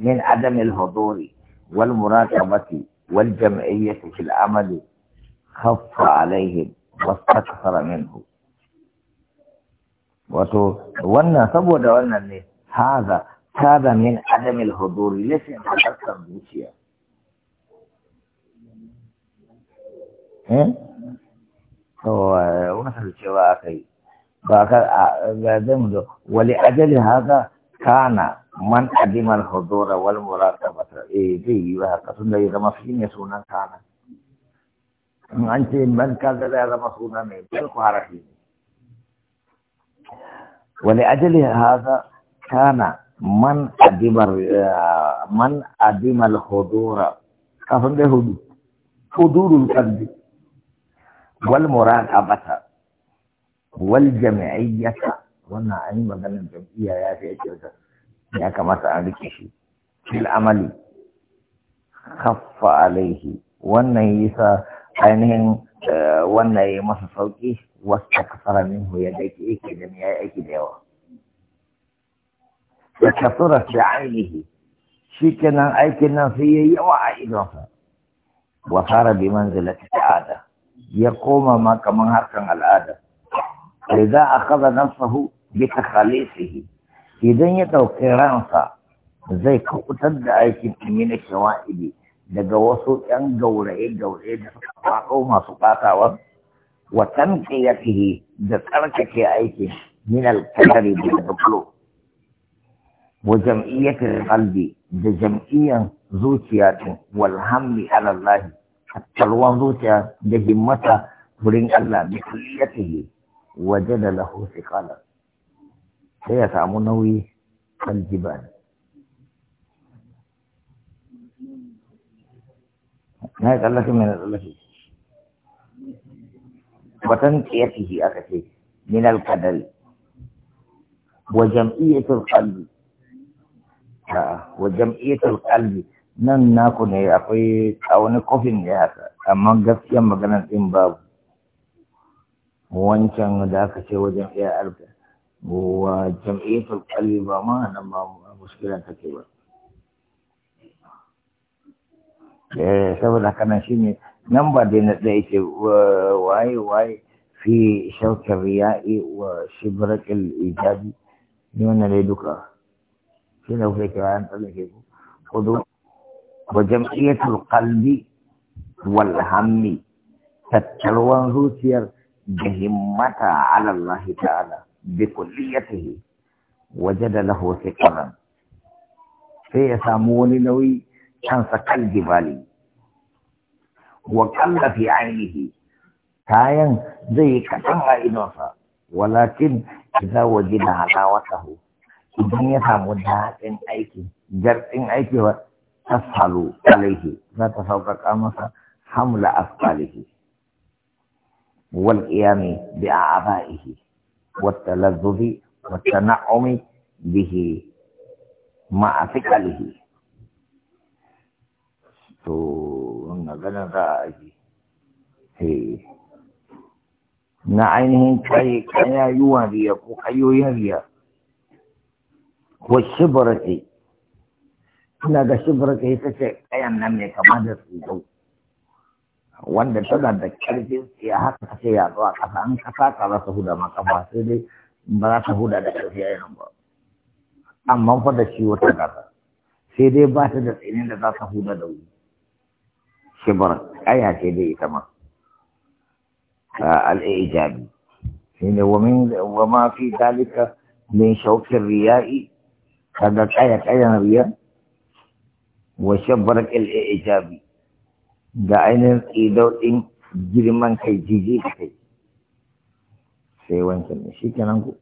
من عدم الحضور والمراقبة والجمعية في العمل خف عليهم واستكثر منه وتو وانا سبود وانا هذا هذا من عدم الحضور ليس يتكثر بوشيا إيه؟ آه، ولأجل هذا كان من عدم الحضور والمراقبة إيه دي وهكذا لا يرمى فين يسونا كان أنتي من كان لا يرمى سونا من بل ولأجل هذا كان من عدم من عدم الحضور كفن له حضور القلب والمراقبة والجمعية والنعيم بدل الجمعية يا في أجل ya kamata a rike shi fil amali khaffa alaihi wannan yasa ainihin eh, wannan ya masa sauki wasta kasara min ya dake yake da ya aiki da yawa ya kasura fi ainihi kenan aikin nan sai yayi yawa a idonsa wa fara bi manzilati ta'ada ya koma ma kaman harkan al'ada lidha akhadha nafsahu bi takhalisihi idan ya ɗauki ransa zai kubutar da aikin amina shawa'ili daga wasu ƴan gauraye-gauraye da suka faɗo masu ɓatawa wa tanqiyatihi da tsarkake aikin min al-kadari da duklo wa jam'iyyatin qalbi da jam'iyyan zuciya din wal hamli ala Allah zuciya da himmata wurin Allah bi kulliyatihi wajada lahu thiqalan sai ya samu nauyi kan ne. na yi tsallake mai na tsallake watan tsiyafihi aka ce min alkadari wa jam'iyyatul qalbi wa jam'iyyatul qalbi nan naku ne akwai a wani kofin da ta amma gaskiyan maganar din babu wancan da aka ce wajen iya alkadari وجمعية القلب وما نما مشكلة كبيرة. إيه، سبنا كنا شيء نمبا دين ليش واي واي في شو كبيائي وشبرك الإيجابي من اللي دوكا في نوفي كمان كده خدو وجمعية القلب والهمي تتلوان روسيا جهمتا على الله تعالى Bikon ɗin ya tafi waje da na hose sai ya samu wani nauyi kan saƙal jiba'ilin. Waƙallafe an yi haifi. Tayan zai yi ƙaton ha'inonsa. Walaƙin ki za waje lahalawa taku. Idan ya samu jarɗin aiki wa sassalu kalaiki, za ta sauƙaƙa masa hamla asaliki. Wal iya me biya والتلذذ والتنعم bihi مع alihi to ganin za a yi na ainihin kai kayayuwan riya ko kayoyin riya ko shibarati ina ga shibarati ita ce kayan nan mai kama da tsibau wanda tana da karfin ya haka ta ce yaro a ƙasa an ƙasa ka za su huda maka ba sai dai ba za ta huda da ƙarfi a nan ba amma fa da shi wata ƙasa sai dai ba ta da tsinin da za ta huda da wuri bar aya ce dai ita ma al'ijabi shi ne wa ma fi dalika min shaukin riya'i kaga ƙaya ƙayan riya wa shabar al'ijabi da ainihin tsidau ɗin girman kai jiji kai sai wancan shi kenan ku